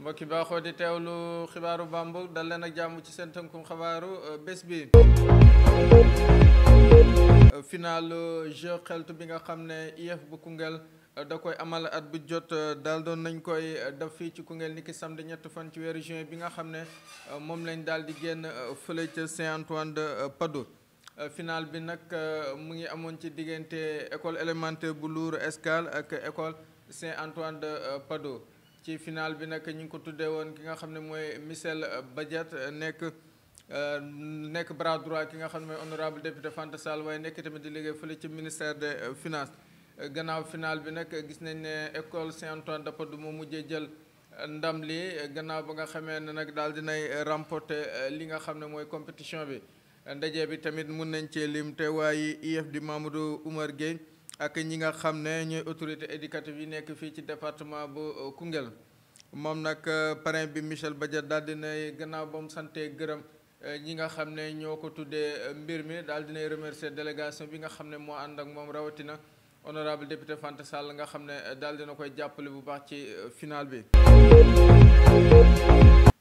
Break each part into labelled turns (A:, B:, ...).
A: mbokki baaxoo di teewlu xibaaru bambuk dal leen ak jàmm ci seen tënkum xabaaru euh, bés bi euh, final euh, jeu xeltu bi nga xam ne IEF bu Koungheul da koy amal at bu jot daal doon nañ koy def fii ci Koungheul niki samedi ñett fan ci weeru juin bi nga xam ne moom lañ daal di génn fële ca Saint-Antoine de pado final bi nag mu ngi amoon ci diggante école élémentaire bu Lour Escale ak école Saint-Antoine de pado ci final bi nag ñu ngi ko tuddee woon ki nga xam ne mooy Michel Badiate nekk euh, nekk bras droit ki nga xam ne mooy honorable député Fanta Sall waaye nekk tamit di liggéey fële ci ministère de finances gannaaw final bi nag gis nañ ne école Saint-Antoine du moo mujjee jël ndam li gannaaw ba nga xamee ne nag daal dinay remporter euh, li nga xam ne mooy compétition bi ndaje bi tamit mun nañ cee lim te waaye IEF di Mamadou Oumar Gueye ak ñi nga xam ne ñooy autorité éducative yi nekk fii ci département bu euh, Koungheul moom nag euh, parrain bi Michel Badiate daal dinay gannaaw ba mu sante gërëm euh, ñi nga xam ne ñoo ko tuddee mbir mi daal dinay remercier délégation bi nga xam ne moo ànd ak moom rawatina honorable député Fanta Sall nga xam ne daal dina koy jàppale bu baax ci final bi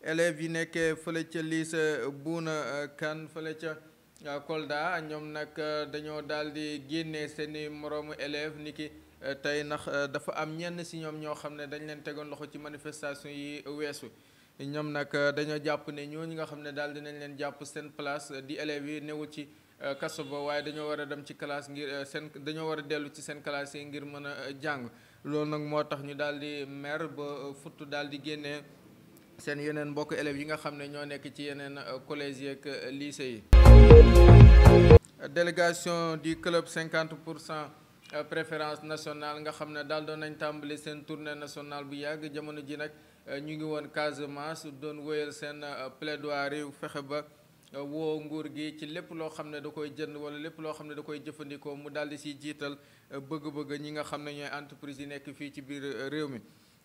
A: élèves yi nekkee fële ca lycée Bouna Kane fële ca Euh, Kolda ñoom nag euh, dañoo daal di génne seeni moroomu élève nit ki euh, tey ndax dafa am ñenn si ñoom ñoo xam ne dañu leen tegoon loxo ci manifestation yi weesu ñoom nag dañoo jàpp ne ñoo ñi nga xam ne daal dinañ leen jàpp seen place di élèves yi newul ci kaso ba waaye dañoo war a dem ci classe ngir seen dañoo war a dellu ci seen classe yi ngir mën a jàng loolu nag moo tax ñu daal di mer ba futt daal di génne seen yeneen mbokk élèves yi nga xam ne ñoo nekk ci yeneen euh, collèges yeeg euh, lycées yi. délégation du club 50 pour cent euh, préférence nationale nga xam ne daal doon nañ tàmbali seen tournée nationale bu yàgg jamono ji nag ñu ngi woon Casamance doon wéyal seen plaidoirie fexe ba woo nguur gi ci lépp loo xam ne da koy jënd wala lépp loo xam ne da koy jëfandikoo mu daal di si jiital bëgg-bëgg ñi nga xam ne ñooy entreprise yi nekk fii ci biir réew mi.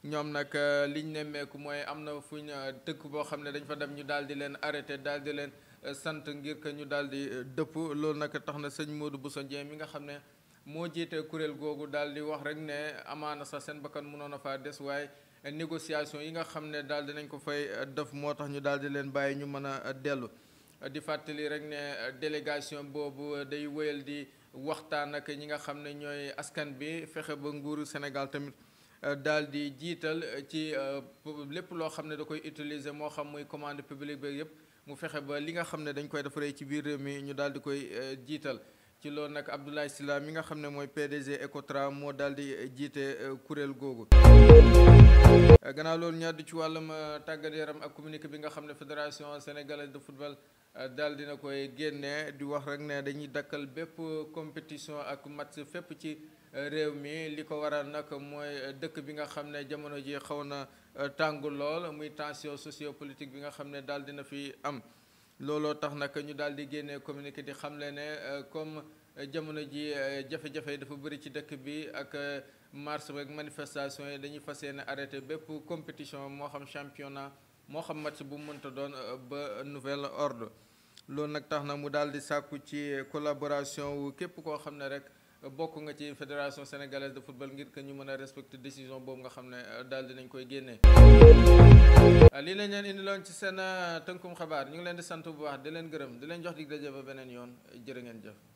A: ñoom nag euh, li ñu nemmeeku mooy am na fuñ euh, dëkk boo xam ne dañ fa dem ñu daal di leen arrêté daal di leen euh, sant ngir que ñu daal di dëpp loolu nag tax na sëñ Modou Bousso Dieng mi nga xam ne moo jiite kuréel googu daal di wax rek ne amaana sax seen bakkan mënoon a faa des waaye yi nga xam ne daal nañ ko fay def moo tax ñu daal di leen bàyyi ñu mën a dellu di fàttali rek ne délégation boobu day wéyal di waxtaan nag ñi nga xam ne ñooy askan bi fexe ba nguuru Sénégal tamit daal di jiital euh, ci euh, lépp loo xam ne da koy utiliser moo xam muy commander publique ba yëpp mu fexe ba li nga xam ne dañ koy defaree ci biir réew mi ñu daal di koy euh, jiital ci loolu nag Abdoulaye Sylla mi nga xam ne mooy PDG Ecotra moo daal di jiite kuréel googu. gannaaw loolu ñu àddu ci wàllum tàggat yaram ak communiqué bi nga xam ne fédération sénégalaise de football daal dina koy génne di wax rek ne dañuy dakkal bépp compétition ak match fépp ci. réew mi li ko waral nag mooy dëkk bi nga xam ne jamono ji xaw na euh, tàngu lool muy tension sociopolitique bi nga xam ne daal dina fi am looloo tax nag ñu daal di génnee communiqué di xamle ne euh, comme jamono ji euh, jafe-jafe dafa bëri ci dëkk bi ak marche rek manifestation yi dañuy fas yéene arrêté bépp compétition moo xam championnat moo xam match bu mu mënta doon ba nouvelle ordre loolu nag tax na mu daal di sàkku ci collaboration wu képp koo xam ne rek bokk nga ci fédération sénégalaise de football ngir que ñu mën a respecter décision boobu nga xam ne euh, daal dinañ koy génnee. Ah, lii lañ leen indiloon ci seen euh, tënkum xabaar ñu ngi leen di sant bu baax di leen gërëm di leen jox dig daje ba beneen yoon jërë ngeen jëf.